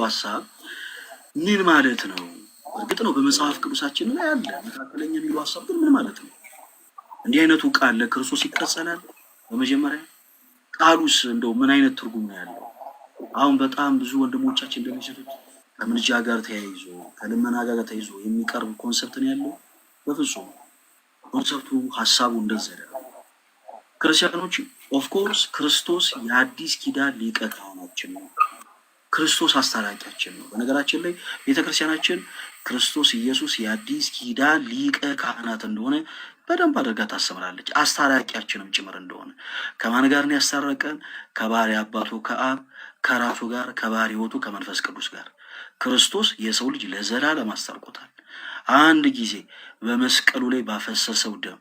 የሚለው ሀሳብ ምን ማለት ነው? እርግጥ ነው በመጽሐፍ ቅዱሳችን ላይ አለ። መካከለኛ የሚለው ሀሳብ ግን ምን ማለት ነው? እንዲህ አይነቱ ቃል ለክርስቶስ ይቀጸላል? በመጀመሪያ ቃሉስ እንደው ምን አይነት ትርጉም ነው ያለው? አሁን በጣም ብዙ ወንድሞቻችን እንደሚሰጡት ከምልጃ ጋር ተያይዞ ከልመና ጋር ተያይዞ የሚቀርብ ኮንሰፕት ነው ያለው። በፍጹም ኮንሰፕቱ ሀሳቡ እንደዘለ ክርስቲያኖች ኦፍኮርስ ክርስቶስ የአዲስ ኪዳን ሊቀ ካህናችን ነው። ክርስቶስ አስታራቂያችን ነው። በነገራችን ላይ ቤተክርስቲያናችን ክርስቶስ ኢየሱስ የአዲስ ኪዳን ሊቀ ካህናት እንደሆነ በደንብ አድርጋ ታስተምራለች። አስታራቂያችንም ጭምር እንደሆነ ከማን ጋር ነው ያስታረቀን? ከባህሪ አባቱ ከአብ ከራሱ ጋር ከባህሪ ሕይወቱ ከመንፈስ ቅዱስ ጋር ክርስቶስ የሰው ልጅ ለዘላለም አስታርቆታል። አንድ ጊዜ በመስቀሉ ላይ ባፈሰሰው ደም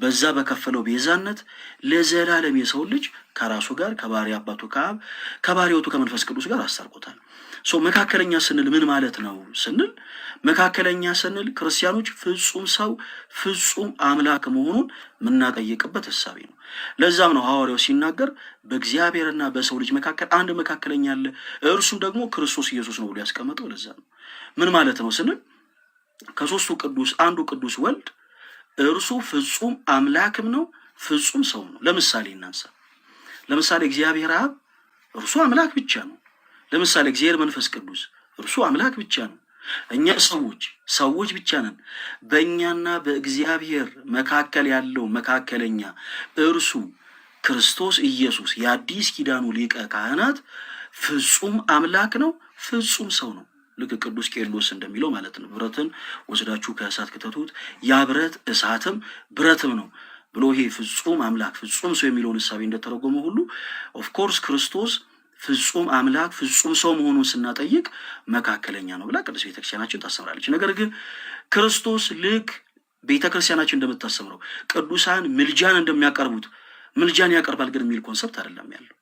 በዛ በከፈለው ቤዛነት ለዘላለም የሰው ልጅ ከራሱ ጋር ከባሪ አባቱ ከአብ ከባሪወቱ ከመንፈስ ቅዱስ ጋር አስታርቆታል። ሶ መካከለኛ ስንል ምን ማለት ነው ስንል መካከለኛ ስንል ክርስቲያኖች ፍጹም ሰው ፍጹም አምላክ መሆኑን የምናጠይቅበት እሳቤ ነው። ለዛም ነው ሐዋርያው ሲናገር በእግዚአብሔርና በሰው ልጅ መካከል አንድ መካከለኛ አለ፣ እርሱም ደግሞ ክርስቶስ ኢየሱስ ነው ብሎ ያስቀመጠው። ለዛ ነው ምን ማለት ነው ስንል ከሶስቱ ቅዱስ አንዱ ቅዱስ ወልድ እርሱ ፍጹም አምላክም ነው፣ ፍጹም ሰው ነው። ለምሳሌ እናንሳ። ለምሳሌ እግዚአብሔር አብ እርሱ አምላክ ብቻ ነው። ለምሳሌ እግዚአብሔር መንፈስ ቅዱስ እርሱ አምላክ ብቻ ነው። እኛ ሰዎች ሰዎች ብቻ ነን። በእኛና በእግዚአብሔር መካከል ያለው መካከለኛ እርሱ ክርስቶስ ኢየሱስ የአዲስ ኪዳኑ ሊቀ ካህናት ፍጹም አምላክ ነው፣ ፍጹም ሰው ነው። ልክ ቅዱስ ቄርሎስ እንደሚለው ማለት ነው። ብረትን ወስዳችሁ ከእሳት ክተቱት፣ ያ ብረት እሳትም ብረትም ነው ብሎ ይሄ ፍጹም አምላክ ፍጹም ሰው የሚለውን እሳቤ እንደተረጎመ ሁሉ ኦፍኮርስ ክርስቶስ ፍጹም አምላክ ፍጹም ሰው መሆኑን ስናጠይቅ መካከለኛ ነው ብላ ቅዱስ ቤተክርስቲያናችን ታስተምራለች። ነገር ግን ክርስቶስ ልክ ቤተክርስቲያናችን እንደምታሰምረው እንደምታስተምረው ቅዱሳን ምልጃን እንደሚያቀርቡት ምልጃን ያቀርባል ግን የሚል ኮንሰፕት አይደለም ያለው።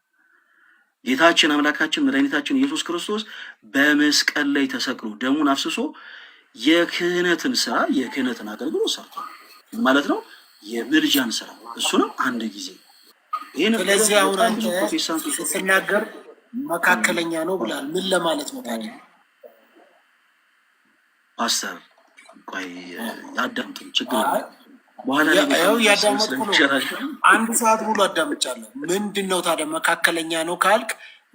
ጌታችን አምላካችን መድኃኒታችን ኢየሱስ ክርስቶስ በመስቀል ላይ ተሰቅሎ ደሙን አፍስሶ የክህነትን ስራ የክህነትን አገልግሎት ሰርቷል ማለት ነው። የምልጃን ስራ እሱንም አንድ ጊዜ ስለዚህ አሁን አንተ መካከለኛ ነው ብላል። ምን ለማለት ነው ታዲያ? ፓስተር ቆይ አዳምጥ፣ ችግር አንድ ሰዓት ሙሉ አዳምጫለሁ። ምንድን ነው ታዲያ መካከለኛ ነው ካልክ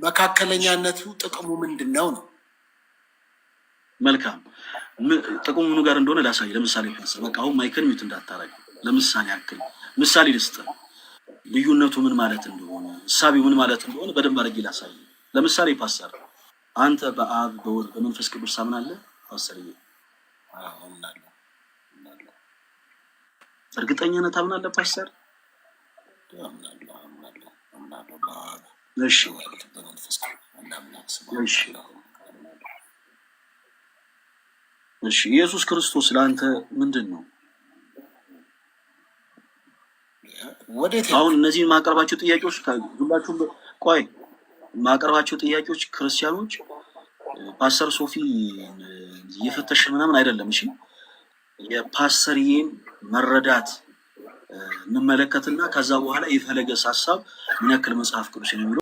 መካከለኛነቱ ጥቅሙ ምንድን ነው ነው? መልካም ጥቅሙ ምኑ ጋር እንደሆነ ላሳይ። ለምሳሌ በቃ አሁን ማይክን ሚት እንዳታረግ። ለምሳሌ ያክል ምሳሌ ልስጥ፣ ልዩነቱ ምን ማለት እንደሆነ እሳቢው ምን ማለት እንደሆነ በደንብ አድርጌ ላሳይ። ለምሳሌ ፓስተር አንተ በአብ በወልድ በመንፈስ ቅዱስ ታምናለህ? ፓስተር እርግጠኛነት አምናለህ ፓስተር? እሺ ኢየሱስ ክርስቶስ ለአንተ ምንድን ነው? አሁን እነዚህ ማቀርባቸው ጥያቄዎች ሁላችሁም ቆይ ማቀርባቸው ጥያቄዎች ክርስቲያኖች ፓስተር ሶፊ እየፈተሽ ምናምን አይደለም። እሺ የፓስተርዬን መረዳት እንመለከትና ከዛ በኋላ የፈለገስ ሀሳብ ምን ያክል መጽሐፍ ቅዱስ ነው የሚለው